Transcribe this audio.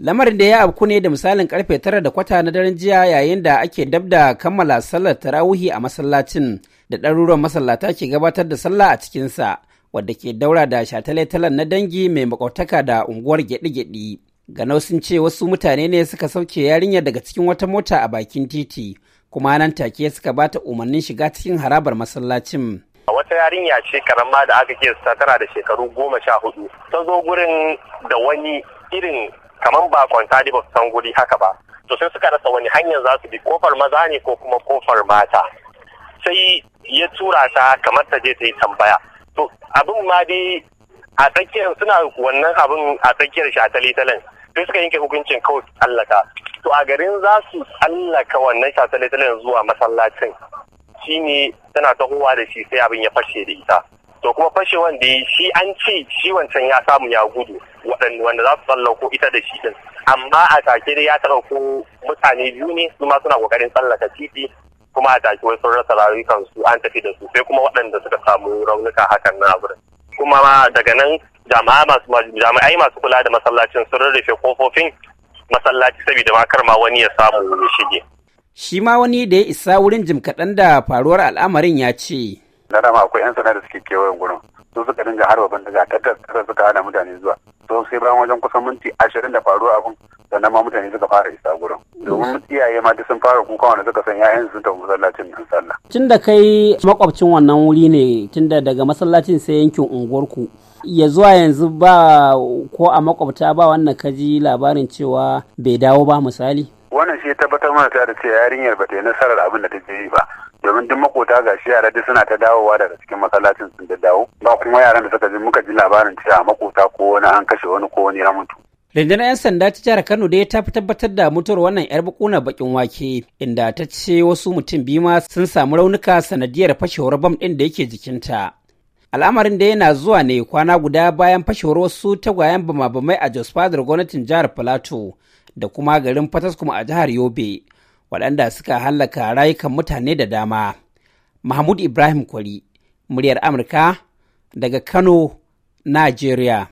lamarin da ya afku ne da misalin karfe tara da kwata na daren jiya yayin da ake dab da kammala sallar tarawihi a masallacin da ɗaruruwan masallata ke gabatar da sallah a cikinsa wadda ke daura da shataletalen na dangi mai makautaka da unguwar gyaɗi-gyaɗi. ganau sun ce wasu mutane ne suka sauke yarinya daga cikin wata mota a bakin titi kuma nan take suka bata umarnin shiga cikin harabar masallacin wata yarinya ce karama da aka ke tana da shekaru goma sha hudu ta zo gurin da wani irin kamar ba kwanta ba san guri haka ba to sai suka rasa wani hanyar za su bi kofar maza ne ko kuma kofar mata sai ya tura ta kamar ta je ta yi tambaya to abin ma dai a tsakiyar suna wannan abin a tsakiyar shi a talitalin sai suka yanke hukuncin kawai su tsallaka to a garin za su tsallaka wannan shi a talitalin zuwa masallacin shine tana tahowa da shi sai abin ya fashe da ita to kuma fashewan da shi an ce shi wancan ya samu ya gudu wanda za su tsallako ita da shi din amma a take dai ya taɓa ko mutane biyu ne su ma suna kokarin tsallaka titi kuma a take wasu rasa rayukan su an tafi da su sai kuma waɗanda suka samu raunuka hakan na abu kuma daga nan jami'ai masu kula da masallacin sun rarrafe kofofin masallaci saboda ma kar ma wani ya samu ya shige. Shi ma wani da ya isa wurin jim kaɗan da faruwar al'amarin ya ce. Na dama akwai 'yan sanar da suke kewayen gurin. sun suka dinga harba bindiga ta tattara suka hana mutane zuwa to sai bayan wajen kusan minti ashirin da faruwa abin sannan ma mutane suka fara isa gurin domin mm. iyaye ma duk sun fara kuka wanda suka san yayan sun tafi masallacin nan sallah tun da kai makwabcin wannan wuri ne tun da daga masallacin sai yankin unguwarku ya zuwa yanzu ba ko a makwabta ba wannan kaji labarin cewa bai dawo ba misali wannan shi tabbatar mana ta da ce yarinyar ba ta yi nasarar abin da ta yi ba domin duk makota ga shi yara duk suna ta dawowa daga cikin masallacin sun da dawo ba kuma yaran da suka ji muka ji labarin cewa makota ko wani an kashe wani ko wani ya mutu rundunar 'yan sanda ta jihar kano dai ta fi tabbatar da mutuwar wannan 'yar bukuna bakin wake inda ta ce wasu mutum biyu ma sun samu raunuka sanadiyar fashewar bam ɗin da yake jikinta al'amarin da yana zuwa ne kwana guda bayan fashewar wasu tagwayen bama-bamai a jos fadar gwamnatin jihar plateau da kuma garin fataskum a jihar yobe waɗanda suka hallaka rayukan mutane da dama. Mahmud Ibrahim Kwari, muryar Amurka daga Kano, Najeriya.